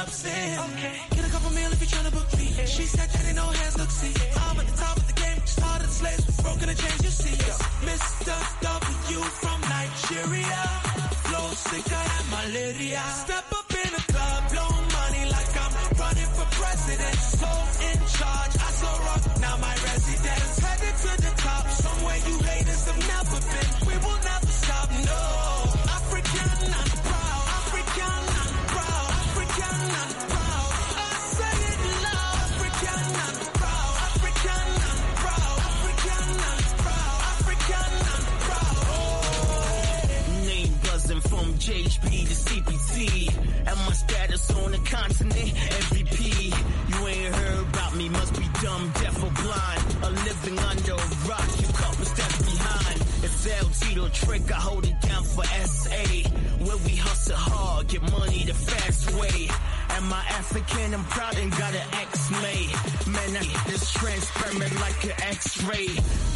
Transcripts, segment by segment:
Okay. Get a couple meal if you're trying to book me. She said that ain't no hands, look, see. I'm at the top of the game. slaves, broken you see. Mr. W from Nigeria. Flow sicker than malaria. Step up in the club, blow money like I'm running for president. So in charge, I so rock, now my residence. MVP, you ain't heard about me, must be dumb, deaf or blind. A living under a rock, you couple steps behind. It's LT Tito Trick, I hold it down for SA. Where we hustle hard, get money the fast way. Am I African? I'm proud and got an X May transparent like an x-ray.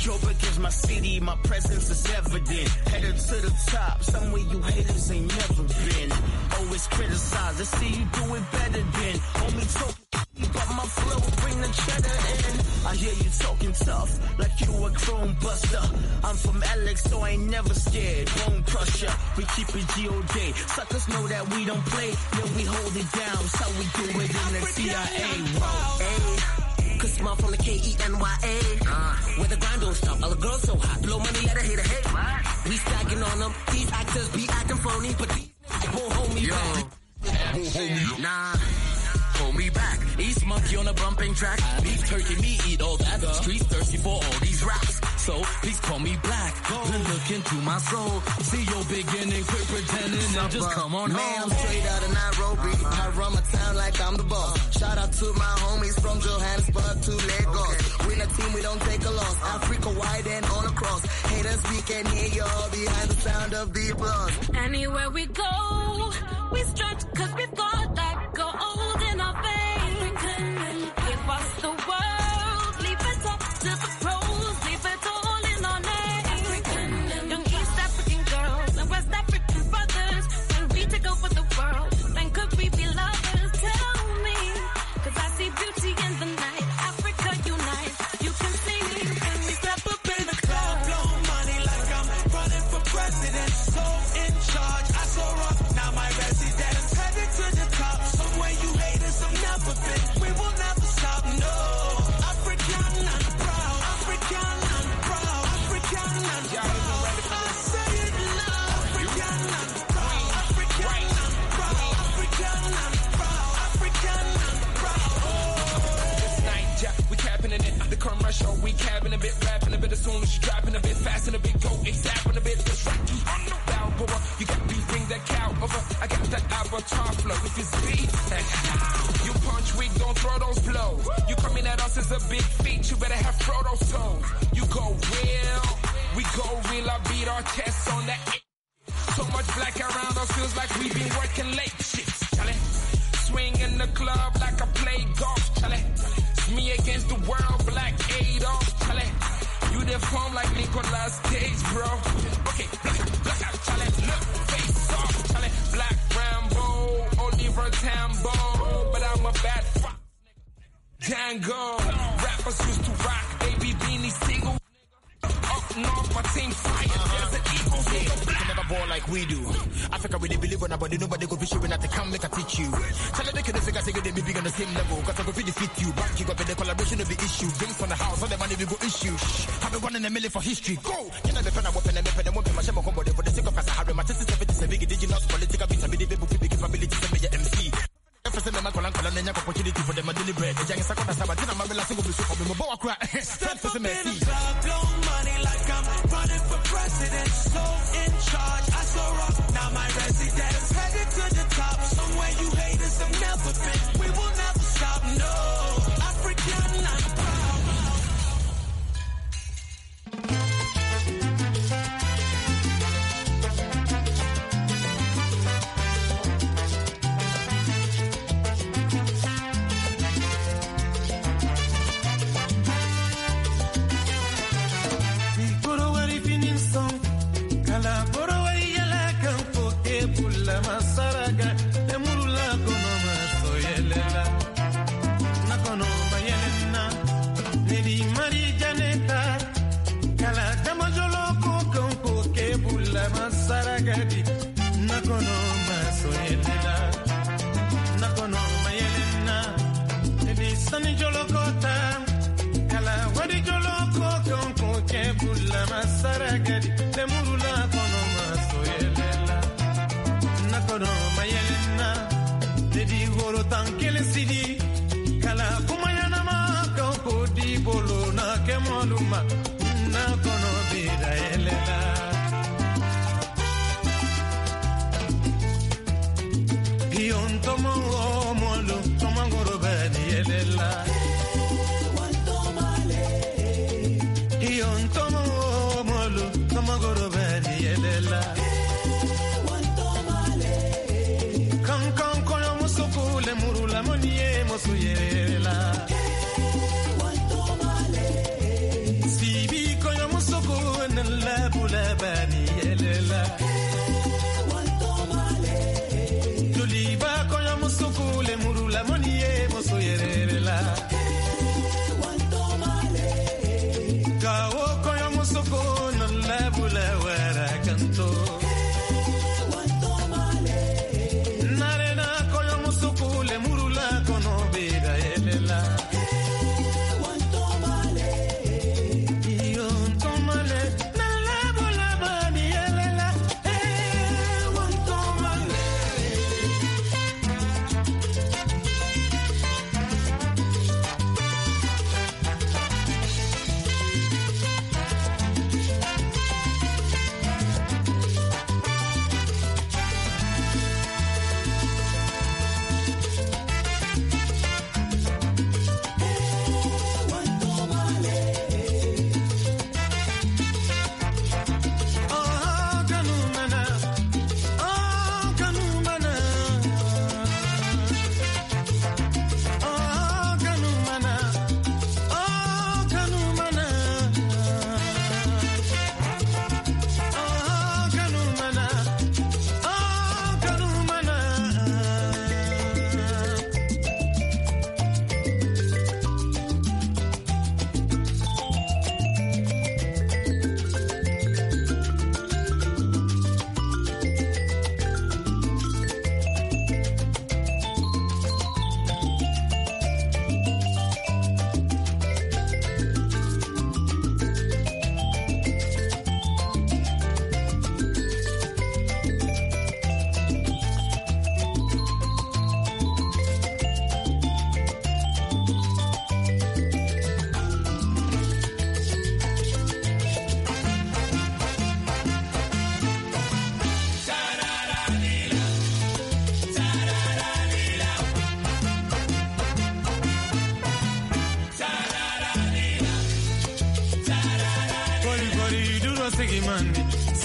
Joburg is my city, my presence is evident. Headed to the top, somewhere you haters ain't never been. Always criticized, I see you do it better than. Only talk but my flow bring the cheddar in. I hear you talking tough, like you a chrome buster. I'm from Alex, so I ain't never scared. Bone crusher, we keep it G.O.D. Suckers know that we don't play, yeah, we hold it down. So we do it in the CIA. Whoa, hey. Mom from the K-E-N-Y-A. Uh. Where the grind don't stop. All the girls so hot. Blow money, let her hit a hate. We stacking on them. These actors be acting phony, but these won't hold me Yo. back. Won't hold me. Nah hold me back. East monkey on a bumping track. Beef turkey, me eat all that. Streets thirsty for all these raps. So please call me black. Then look into my soul. See your beginning, quit pretending and just come on Man, home. I'm straight out of Nairobi. Uh-huh. I run my town like I'm the boss. Uh-huh. Shout out to my homies from Johannesburg to Lagos. Okay. are a team, we don't take a loss. Uh-huh. Africa wide and all across. Haters, we can hear y'all behind the sound of the applause. Anywhere we go, we stretch cause we've got that rapping a bit, rapping a bit as soon as you dropping a bit fast and a bit go exapping a bit. It's Rocky on the Balboa. You got me bring that cow over. I got that avatar flow. If it's beat, you punch weak, don't throw those blows. You coming at us as a big feat, you better have Frodo toes. You go real, we go real. I beat our chests on that. So much black around us feels like we've been working late. Shit, Charlie. Swing in the club like a your form like Nicolas Cage, bro. Okay, black, black out, challenge, look, face off, challenge, black Rambo, Oliver Tambo, but I'm a bad fox, Django. Rappers used to rock, baby beanie single. Up north, my team fire, uh -huh like we do. Africa, we they believe on nobody, nobody go fish you when I come make I teach you. Tell them they can figure say they be big on the same level. Cause I go feed defeat you. Back you up in the collaboration of the issue. Drinks on the house, all the money we go issue. Shh, have been one in a million for history. Go! Can I be pen and weapon and weapon and weapon? My shame on for the sake of Sahara. My test is 77 big digital political beats. I be the people with capability to be MC. Send them a call and call and then opportunity for them to deliberate. The giant sacrifice, but then I'm a single piece of me. Bow a crack. Step up in the club, president, so in charge. I saw rock.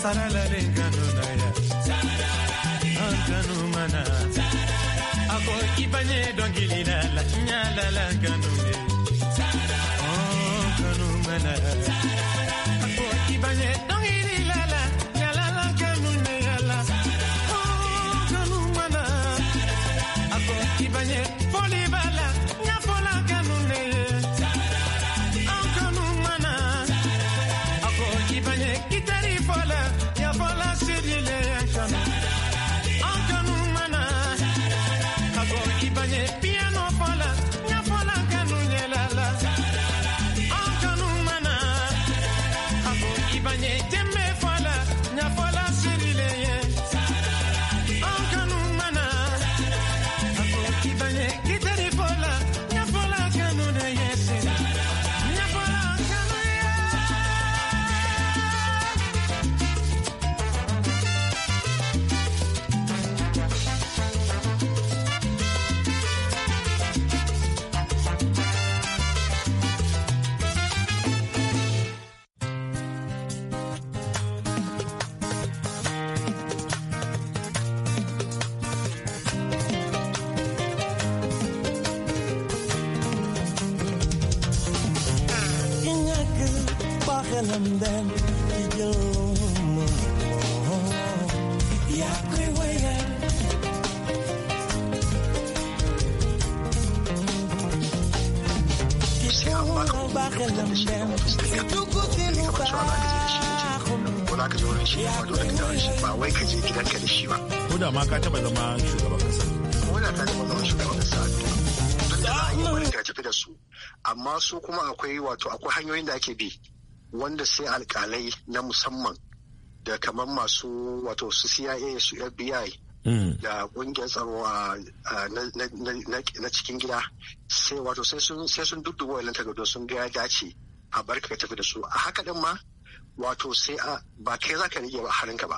faralare gano na ya an gano mana ako na la nyala la gano ne oh gano mana su kuma akwai wato akwai hanyoyin da ake bi wanda sai alkalai na musamman da kamar masu wato su CIA su FBI mm. da kungiyar tsaro na cikin gida sai wato sai sun dudduba wannan takardu sun ga dace a barka ka tafi da su a haka din ma wato sai ba kai za ka rige ba harinka ba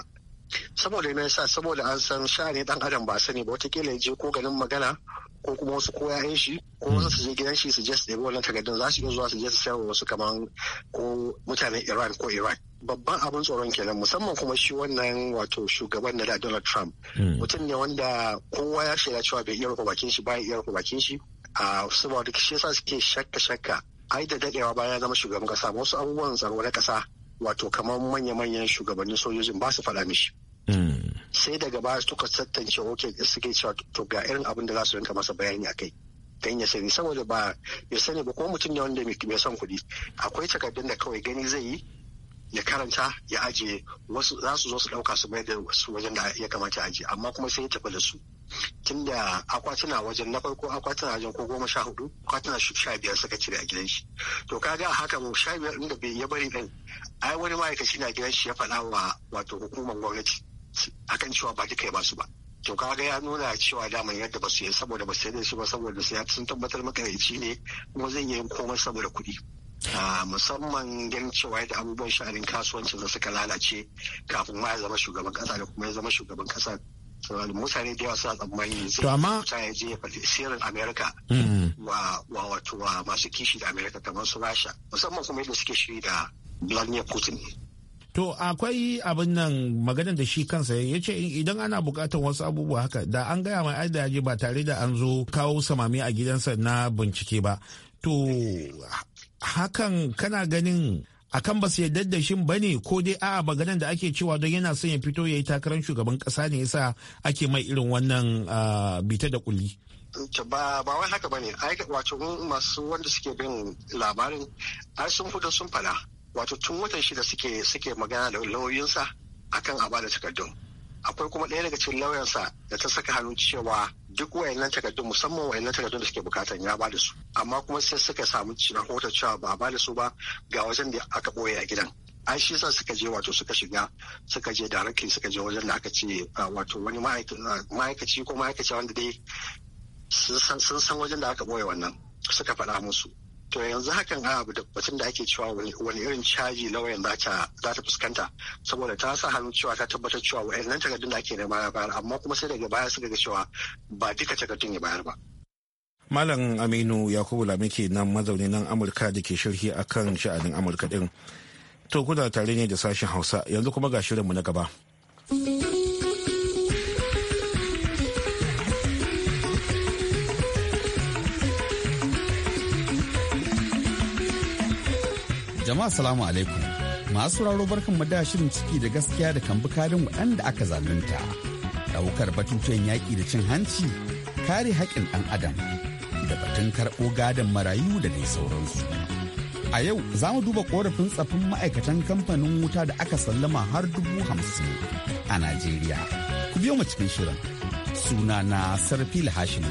saboda me yasa saboda an san sha'ani dan adam ba sani ba watakila je ko ganin magana ko kuma wasu ko yayan shi ko hmm. wasu su je gidan shi su je su ɗebi wannan takardun za su iya zuwa su je su sayarwa wasu kaman ko mutanen Iran ko Iran babban abin tsoron kenan musamman kuma shi wannan wato shugaban na Donald Trump hmm. mutum ne wanda kowa ya shaida cewa bai iya rufe bakin shi bayan iya rufe bakin shi a saboda shi yasa suke shakka shakka ai da dadewa bayan ya zama shugaban kasa wasu abubuwan tsaro na kasa wato kamar manya-manyan shugabannin sojojin ba su faɗa mishi mm. sai daga baya suka tantance oke suke cewa to ga irin abin da za su rinka masa bayani a kai Dan ya sani saboda ba ya sani ba ko mutum ne wanda mai son kuɗi akwai takardun da kawai gani zai yi ya karanta ya ajiye wasu za su zo su ɗauka su mai da su wajen da ya kamata ajiye amma kuma sai ya tafi da su tunda akwatuna wajen na farko akwatuna wajen ko goma sha hudu akwatuna sha biyar suka cire a gidan shi to ga haka mu sha biyar inda bai ya bari din ai wani ma'aikaci na gidan shi ya faɗa wa wato hukumar gwamnati akan cewa ba duka ya basu ba to ga ya nuna cewa daman yadda ba su yi saboda ba su yi da shi ba saboda sun tabbatar makaranci ne kuma zan yi komai saboda kuɗi musamman ganin cewa yadda abubuwan sha'anin kasuwancin da suka lalace kafin ma ya zama shugaban kasa da kuma ya zama shugaban kasa mutane da yawa suna tsammani zai amma ya je ya sirrin amerika mm. wa wato wa masu kishi da amerika kamar su rasha musamman kuma yadda suke shiri da vladimir putin To akwai abin nan maganar da shi kansa ya ce idan ana bukatar wasu abubuwa haka da an gaya mai da ba tare da an zo kawo samami a gidansa na bincike ba. To hakan kana ganin akan ba su yarda da shin bane ko dai a'a maganan da ake cewa don yana son ya fito ya yi takarar shugaban kasa ne yasa ake mai irin wannan bita da kulli ba ba wai haka bane ai wato masu wanda suke bin labarin ai sun fito sun fada wato tun watan shida suke suke magana da lauyoyinsa akan a bada takardun akwai kuma ɗaya daga cikin lauyansa da ta saka hannun cewa duk wayannan takardun musamman wayannan takardun da suke bukatan ya ba da su amma kuma sai suka samu rahoton cewa ba ba da su ba ga wajen da aka ɓoye a gidan an shi yasa suka je wato suka shiga suka je darakin suka je wajen da aka ce ah, wato wani ah, ma'aikaci ko ma'aikaci wanda dai sun san wajen da aka ɓoye wannan suka faɗa musu to yanzu hakan a ah, abu da batun da ake cewa wani irin caji lauyan za ta fuskanta saboda ta sa hannu cewa ta tabbatar cewa nan takardun da ake nema bayar amma kuma sai daga baya suka ga cewa ba duka takardun ya bayar ba Malam Aminu Yakubu Lamike nan mazauni nan Amurka da ke shirhi kan sha'anin Amurka din. To kuna tare ne da sashen Hausa yanzu kuma ga shirinmu na gaba. Jama'a salamu alaikum. Masu sauraro barkan mu da shirin ciki da gaskiya da kan bukarin waɗanda aka zalunta. Ɗaukar batutuwan yaƙi da cin hanci, kare haƙƙin ɗan adam, da batun karɓo gadon marayu da dai sauransu. A yau za mu duba ƙorafin tsafin ma'aikatan kamfanin wuta da aka sallama har dubu hamsin a Najeriya. Ku biyo mu cikin shirin. Suna na Sarfil Hashim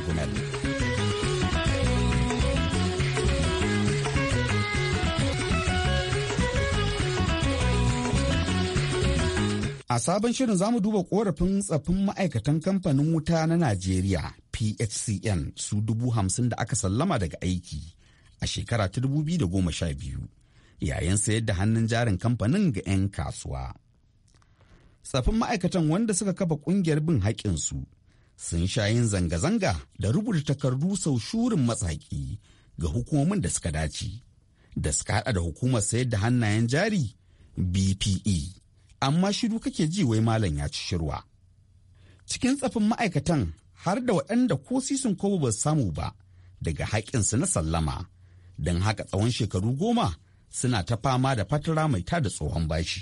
A sabon shirin za mu duba korafin tsafin ma'aikatan kamfanin wuta na Najeriya PHCN su dubu hamsin da aka sallama daga aiki a shekara ta dubu biyu da goma sha biyu yayin sayar da hannun jarin kamfanin ga 'yan kasuwa. Tsafin ma'aikatan wanda suka kafa kungiyar bin haƙƙinsu sun sha yin zanga-zanga da rubuta takardu sau shurin matsaki ga hukumomin da suka dace da suka haɗa da hukumar sayar da hannayen jari BPE. amma shiru kake ji wai malam ya ci shirwa cikin tsafin ma'aikatan har da waɗanda ko sisin ko ba samu ba daga haƙƙinsu na sallama don haka tsawon shekaru goma suna ta fama da fatara mai tada tsohon bashi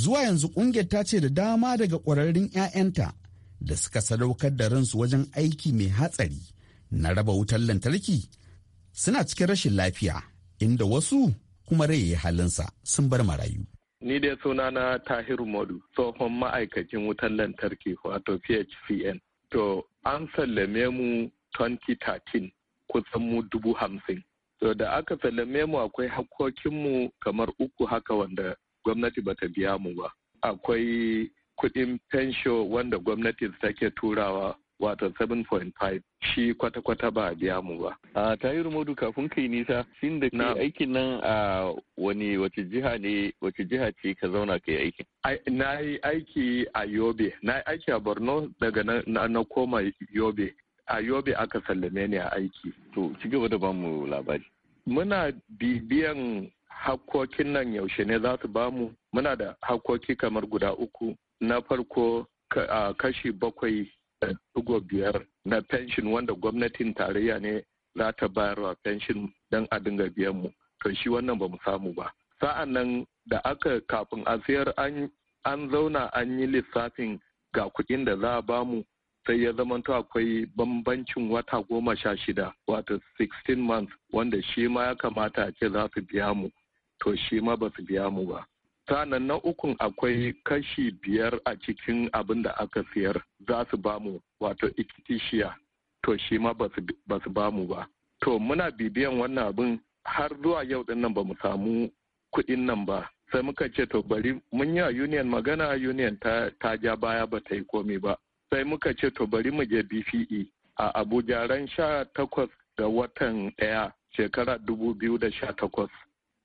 zuwa yanzu ƙungiyar ta ce da dama daga ƙwararrun 'ya'yanta da suka sadaukar da ransu wajen aiki mai hatsari na raba wutar lantarki suna cikin rashin lafiya inda wasu kuma rai halinsa sun bar marayu Ni dai sunana Tahiru Modu, tsohon ma'aikacin wutar lantarki wato PHPN. To, an sallame mu 2013 kusan mu dubu hamsin. To da aka sallame mu akwai mu kamar uku haka wanda gwamnati bata biya mu ba. Akwai kuɗin fensho wanda gwamnati take turawa wato 7.5 shi kwata-kwata ba biya mu ba. A tayiru modu kafin kai nisa, shin da ke aikin nan a wani wace jiha ne wace jiha ce ka zauna ka yi aikin? Na yi aiki a Yobe, na yi aiki a Borno daga na koma Yobe. A Yobe aka sallame ni a aiki. To, ci gaba da bamu labari. Muna bibiyan hakkokin nan yaushe ne za su bamu. Muna da hakkoki kamar guda uku. Na farko kashi bakwai biyar na fenshin wanda gwamnatin tarayya ne za ta bayarwa fenshin don a dinga biyan mu to shi wannan ba mu samu ba sa'an nan da aka kafin a siyar an zauna an yi lissafin ga kuɗin da za a ba mu, sai ya zamanta akwai bambancin wata goma sha shida wato 16 months wanda shi ma ya kamata a ce za su biya mu to shi ma ba su biya mu ba sanan na ukun akwai kashi biyar a cikin abin da aka siyar za su bamu wato ikitishiya to shi ma ba su bamu ba to muna bibiyan wannan abin har zuwa yau din nan ba mu samu kuɗin nan ba sai muka ce to bari mun yi a union magana union ta, ja baya ba ta yi komi ba sai muka ce to bari mu je bce a abuja ran sha takwas ga watan ɗaya shekara dubu biyu da sha takwas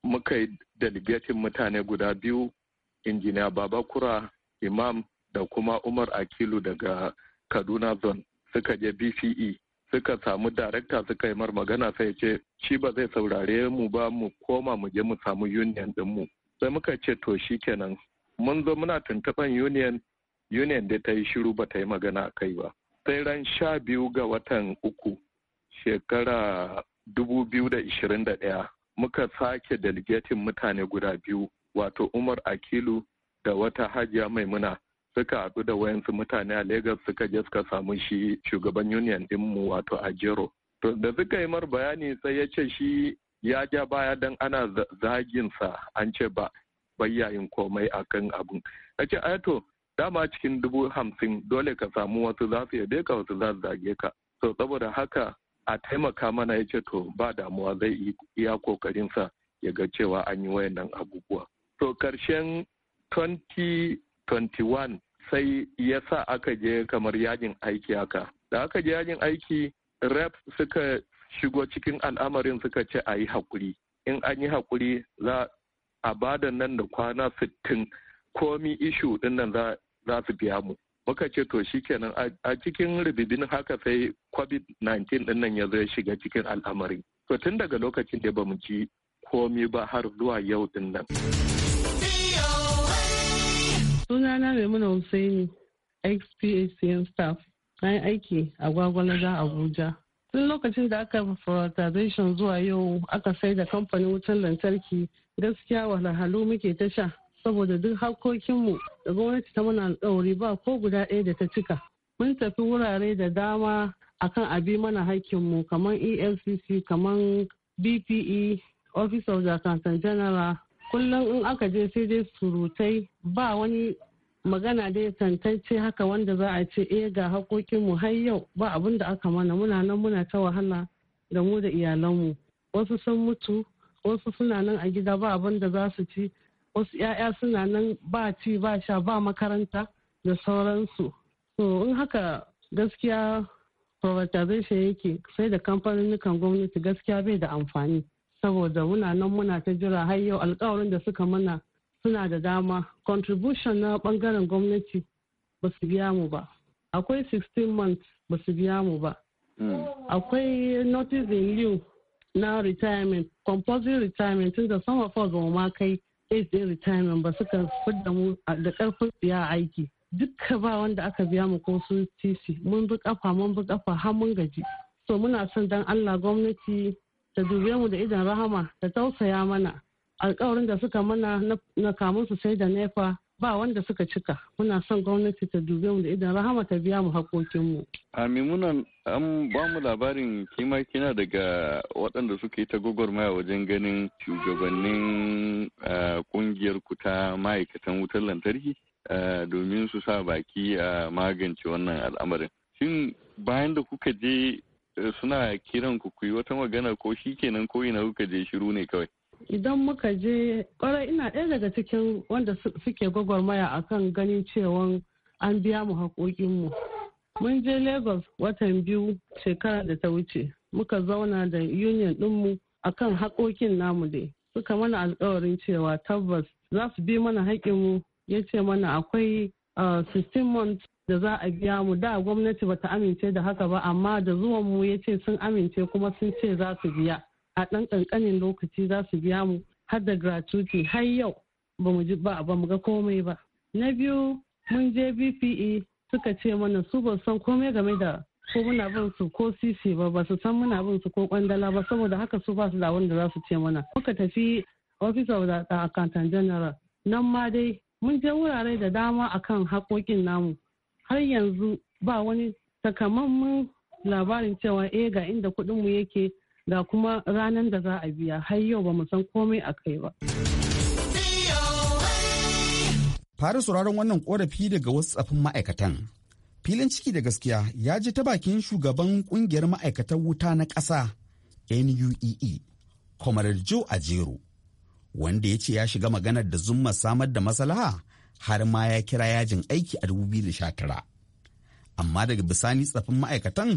muka yi delegatin mutane guda biyu injiniya babakura imam da kuma umar akilu daga kaduna zone suka je bce suka samu darakta suka yi mar magana sai ce shi ba zai saurare mu ba mu koma mu je mu samu union dinmu sai muka ce to shi kenan mun zo muna tuntuɓan union union da ta yi shiru ba ta yi magana a kai ba sai ran sha biyu ga watan uku shekara ɗaya. muka sake delegatin mutane guda biyu wato umar akilu da wata hajiya maimuna suka haɗu da wayansu mutane a Legas suka je suka samu shi shugaban union dinmu wato Ajero. To da suka yi mar bayani sai ya ce shi ya ja baya don ana zaginsa an ce ba bayyayin komai akan abun. Ya ce dama cikin dubu hamsin dole ka samu wasu za su yade ka wasu za su zage ka. So saboda haka a taimaka mana ya ce to ba damuwa zai iya kokarinsa ya ga cewa an yi wayannan abubuwa to karshen 2021 sai ya sa aka je kamar yajin aiki haka da aka je yajin aiki rep suka shigo cikin al'amarin suka ce a yi haƙuri in an yi haƙuri za a bada nan da kwana 60 komi ishu ɗin nan za su biya mu muka ce to shikenan a cikin ribibin haka sai covid-19 din nan ya zai shiga cikin al'amarin to tun daga lokacin da ba mu ci komi ba har zuwa yau din nan sunana maimuna hussaini xpacn staff na yi aiki a gwagwalaga abuja tun lokacin da aka privatization zuwa yau aka sai da kamfanin wutar lantarki gaskiya wahalhalu muke ta sha saboda duk harkokinmu da gwamnati ta mana alkawari ba ko guda ɗaya da ta cika mun tafi wurare da dama akan abi mana mu kamar efcc kamar bpe office of the accountant general kullum in aka je sai dai surutai ba wani magana dai tantance haka wanda za a ce eh ga hakokinmu har yau ba abin da aka mana muna nan muna ta wahala da mu da iyalanmu wasu sun mutu wasu suna nan a gida ba abin da za su ci wasu 'ya'ya suna nan ba ci ba sha ba makaranta da sauransu so in haka gaskiya privatization yake sai da kamfaninukan gwamnati gaskiya bai da amfani saboda muna nan muna ta jira har yau alkawarin da suka mana suna da dama contribution na bangaren gwamnati ba su biya mu ba akwai 16 months ba su biya mu ba hmm. akwai notice in lieu na retirement compulsory retirement tun da sama fa ba ma kai aids din retirement ba suka fidda mu da karfin tsiya aiki dukka ba wanda aka biya mu ko sun tc mun bi kafa mun bi kafa har mun gaji so muna son dan allah gwamnati ta dube mu da idan rahama ta tausaya mana alkawarin da suka mana na kamun su sai da nefa ba wanda suka cika muna son gwamnati ta dube mu da idan rahama ta biya mu a mimunan an ba mu labarin kimakina daga waɗanda suka yi ta gwagwarmaya wajen ganin shugabannin kungiyar ku ta ma'aikatan wutar lantarki domin su sa baki a magance wannan al'amarin. Shin bayan da kuka je suna kiran ku ku yi wata magana ko shi kenan ko ina kuka je shiru ne kawai. idan muka je kwarai ina ɗaya daga cikin wanda suke gwagwarmaya kan ganin cewa an biya mu haƙoƙinmu mun je lagos watan biyu shekara da ta wuce muka zauna da union ɗinmu a kan haƙoƙin namu dai suka mana alkawarin cewa tabbas za su bi mana haƙinmu ya ce mana akwai 16 months da za a biya mu da gwamnati bata amince da haka ba amma da zuwanmu ya ce sun amince kuma sun ce za su biya a ɗan ƙanƙanin lokaci za su biya mu har da gratuity har yau ba mu ji ba ba mu ga komai ba na biyu mun je bpe suka ce mana su ba san komai game da ko muna bin su ko cc ba ba su san muna bin su ko kwandala ba saboda haka su ba su da wanda za su ce mana muka tafi office of the accountant general nan ma dai mun je wurare da dama akan haƙoƙin namu har yanzu ba wani takamammun labarin cewa eh ga inda kuɗinmu yake ga kuma ranar da za a biya har yau ba mu san komai a kai ba. Fara sauraron wannan korafi daga wasu tsafin ma'aikatan. Filin ciki da gaskiya ya ji ta bakin shugaban kungiyar ma'aikatan wuta na ƙasa NUEE, Kwamarar e, Joe Ajero, wanda ya ce ya shiga maganar da zumma samar da maslaha har ma ya kira yajin aiki a 2019. Amma daga bisani tsafin ma'aikatan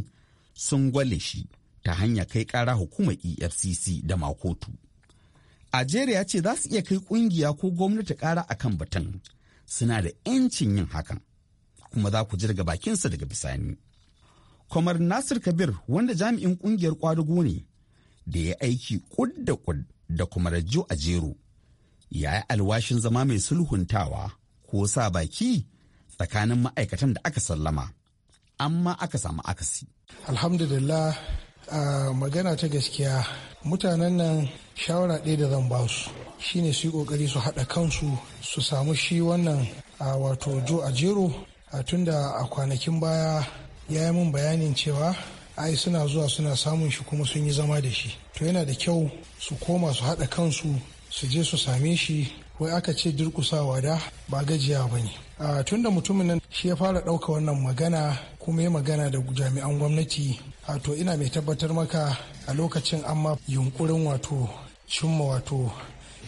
sun gwale shi. ta hanya kai ƙara hukumar efcc da makotu Ajeriya ce za su iya kai ƙungiya ko gwamnati kara akan batun suna da 'yancin yin hakan kuma za ku jirga bakinsa daga bisani. Kwamar Nasir Kabir wanda jami'in ƙungiyar kwadugo ne da ya aiki kud da da kuma rajo a jero ya yi alwashin zama mai sulhuntawa ko sa baki tsakanin ma'aikatan da aka sallama amma aka samu akasi. Alhamdulillah a magana ta gaskiya mutanen nan shawara ɗaya da zan ba su shine su yi ƙoƙari su haɗa kansu su samu shi wannan a wato jo a jero a tunda a kwanakin baya ya yi min bayanin cewa ai suna zuwa suna samun shi kuma sun yi zama da shi to yana da kyau su koma su haɗa kansu su je su same shi wai aka ce durkusawa da ba gajiya ba ne a tun da mutumin nan shi ya fara ɗauka wannan magana kuma ya magana da jami'an gwamnati a to ina mai tabbatar maka a lokacin amma yunkurin wato cimma wato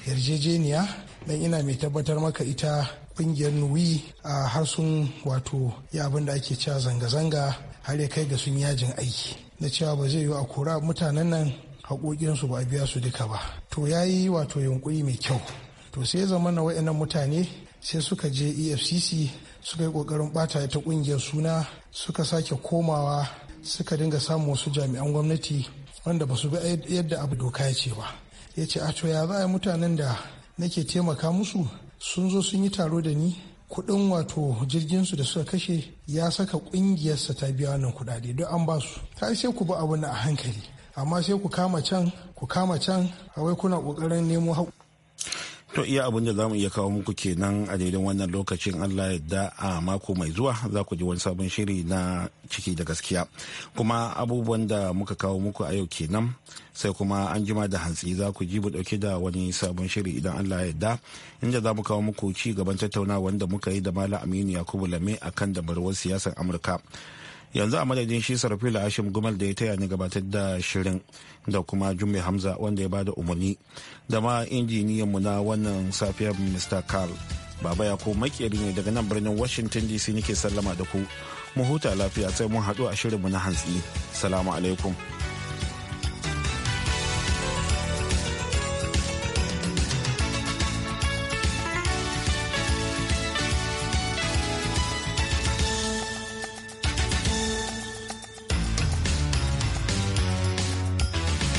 yarjejeniya dan ina mai tabbatar maka ita kungiyar nuwi a har wato ya abin da ake cewa zanga-zanga har ya kai ga sun yajin aiki na cewa ba zai yi a kora mutanen nan haƙoƙinsu ba a biya su duka ba to ya yi wato yunkuri mai kyau to sai ya zama na wa'annan mutane sai suka je efcc suka yi kokarin bata ta kungiyar suna suka sake komawa suka dinga samun wasu jami'an gwamnati wanda ba su ga yadda abu doka ya ce ba ya ce a ya za a mutanen da nake taimaka musu sun zo sun yi taro da ni kudin wato jirgin su da suka kashe ya saka kungiyarsa ta biya wannan kudade don an basu ta sai ku bi abin a hankali amma sai ku kama can ku kama can a wai kuna kokarin nemo To iya abin da zamu iya kawo muku kenan a daidan wannan lokacin Allah yadda a mako mai zuwa za ku ji wani sabon shiri na ciki da gaskiya. Kuma abubuwan da muka kawo muku a yau kenan sai kuma an jima da hantsi za ku ji mu dauke da wani sabon shiri idan Allah ya yadda inda za mu kawo muku ci gaban tattaunawa wanda muka yi da Malam Aminu Yakubu Lame akan damarwar siyasar Amurka. yanzu a madadin shi sarfila ashim gumal da ya taya ni gabatar da shirin da kuma jumbe hamza wanda ya bada umarni da ma injiniyan mu na wannan safiyar mr carl baba ya ko makeri ne daga nan birnin washington dc nake sallama da ku mu huta lafiya sai mun haɗu a shirin mu na hantsi salamu alaikum